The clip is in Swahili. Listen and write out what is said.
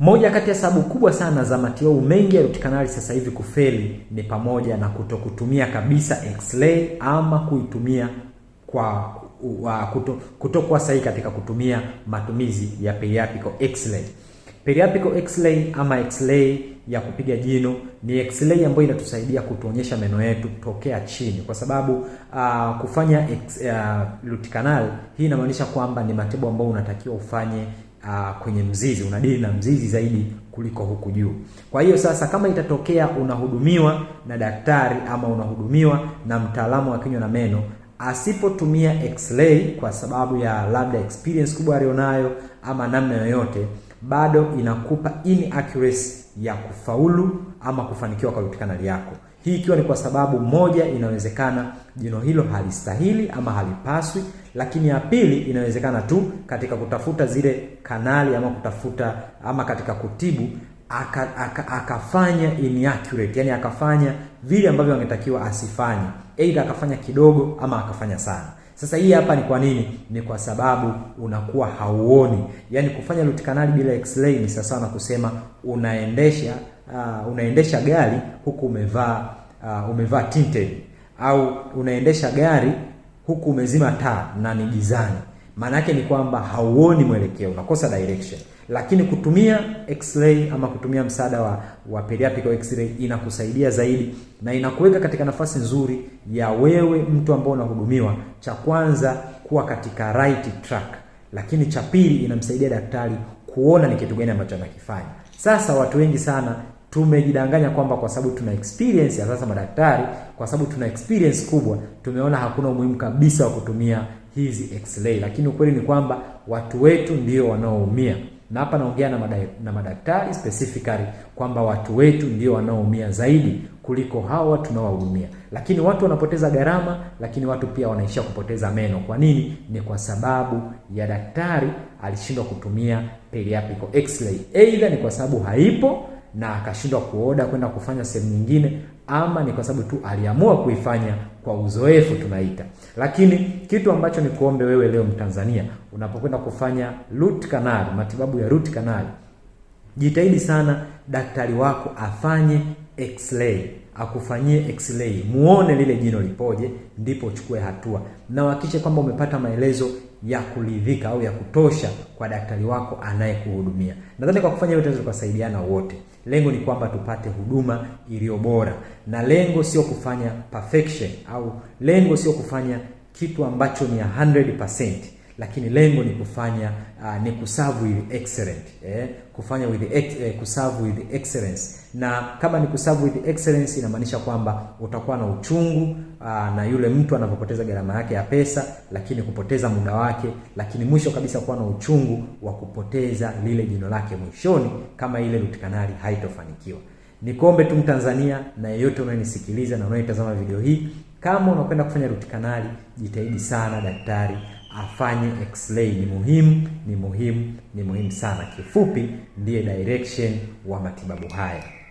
Moja kati ya sababu kubwa sana za matibabu mengi ya root sasa hivi kufeli ni pamoja na kutokutumia kabisa x-ray ama kuitumia kwa uh, kuto, kutokuwa sahihi katika kutumia matumizi ya periapical x-ray. Periapical x-ray ama x-ray ya kupiga jino ni x-ray ambayo inatusaidia kutuonyesha meno yetu tokea chini, kwa sababu uh, kufanya root uh, canal hii inamaanisha kwamba ni matibabu ambayo unatakiwa ufanye uh, kwenye mzizi, unadili na mzizi zaidi kuliko huku juu. Kwa hiyo sasa, kama itatokea unahudumiwa na daktari ama unahudumiwa na mtaalamu wa kinywa na meno asipotumia x-ray kwa sababu ya labda experience kubwa alionayo ama namna yoyote, bado inakupa inaccuracy ya kufaulu ama kufanikiwa kwa root yako. Hii ikiwa ni kwa sababu moja, inawezekana jino hilo halistahili ama halipaswi, lakini ya pili, inawezekana tu katika kutafuta zile kanali ama kutafuta ama katika kutibu aka, aka, akafanya inaccurate, yani akafanya vile ambavyo angetakiwa asifanye, aidha akafanya kidogo ama akafanya sana. Sasa hii hapa ni kwa nini? Ni kwa sababu unakuwa hauoni. Yaani kufanya root canal bila x-ray ni sasa na kusema unaendesha uh, unaendesha gari huku umevaa uh, umevaa tinted au unaendesha gari huku umezima taa na ni gizani, maana yake ni kwamba hauoni mwelekeo, unakosa direction. Lakini kutumia x-ray ama kutumia msaada wa, wa periapical x-ray inakusaidia zaidi na inakuweka katika nafasi nzuri ya wewe mtu ambao unahudumiwa, cha kwanza kuwa katika right track, lakini cha pili inamsaidia daktari kuona ni kitu gani ambacho anakifanya. Sasa watu wengi sana tumejidanganya kwamba kwa sababu tuna experience ya sasa madaktari, kwa sababu tuna experience kubwa, tumeona hakuna umuhimu kabisa wa kutumia hizi x-ray, lakini ukweli ni kwamba watu wetu ndio wanaoumia na hapa naongea na, na madaktari specifically kwamba watu wetu ndio wanaoumia zaidi kuliko hawa tunaowaumia, lakini watu wanapoteza gharama, lakini watu pia wanaishia kupoteza meno. Kwa nini? Ni kwa sababu ya daktari alishindwa kutumia periapical x-ray, aidha ni kwa sababu haipo na akashindwa kuoda kwenda kufanya sehemu nyingine, ama ni kwa sababu tu aliamua kuifanya kwa uzoefu tunaita. Lakini kitu ambacho ni kuombe wewe leo Mtanzania, unapokwenda kufanya root canal, matibabu ya root canal Jitahidi sana daktari wako afanye x-ray, akufanyie x-ray, muone lile jino lipoje, ndipo uchukue hatua, na uhakikishe kwamba umepata maelezo ya kuridhika au ya kutosha kwa daktari wako anayekuhudumia. Nadhani kwa kufanya hivyo tunaweza kusaidiana wote. Lengo ni kwamba tupate huduma iliyo bora, na lengo sio kufanya perfection, au lengo sio kufanya kitu ambacho ni 100% lakini lengo ni kufanya uh, ni kuserve with excellent eh, kufanya with ex, eh, kuserve with excellence. Na kama ni kuserve with excellence, inamaanisha kwamba utakuwa na uchungu uh, na yule mtu anapopoteza gharama yake ya pesa, lakini kupoteza muda wake, lakini mwisho kabisa kuwa na uchungu wa kupoteza lile jino lake mwishoni, kama ile root canal haitofanikiwa. Nikombe tu Mtanzania na yeyote unayenisikiliza na unayetazama video hii, kama unapenda kufanya rutikanali jitahidi sana daktari afanye x-ray. Ni muhimu, ni muhimu, ni muhimu sana. Kifupi, ndiye direction wa matibabu haya.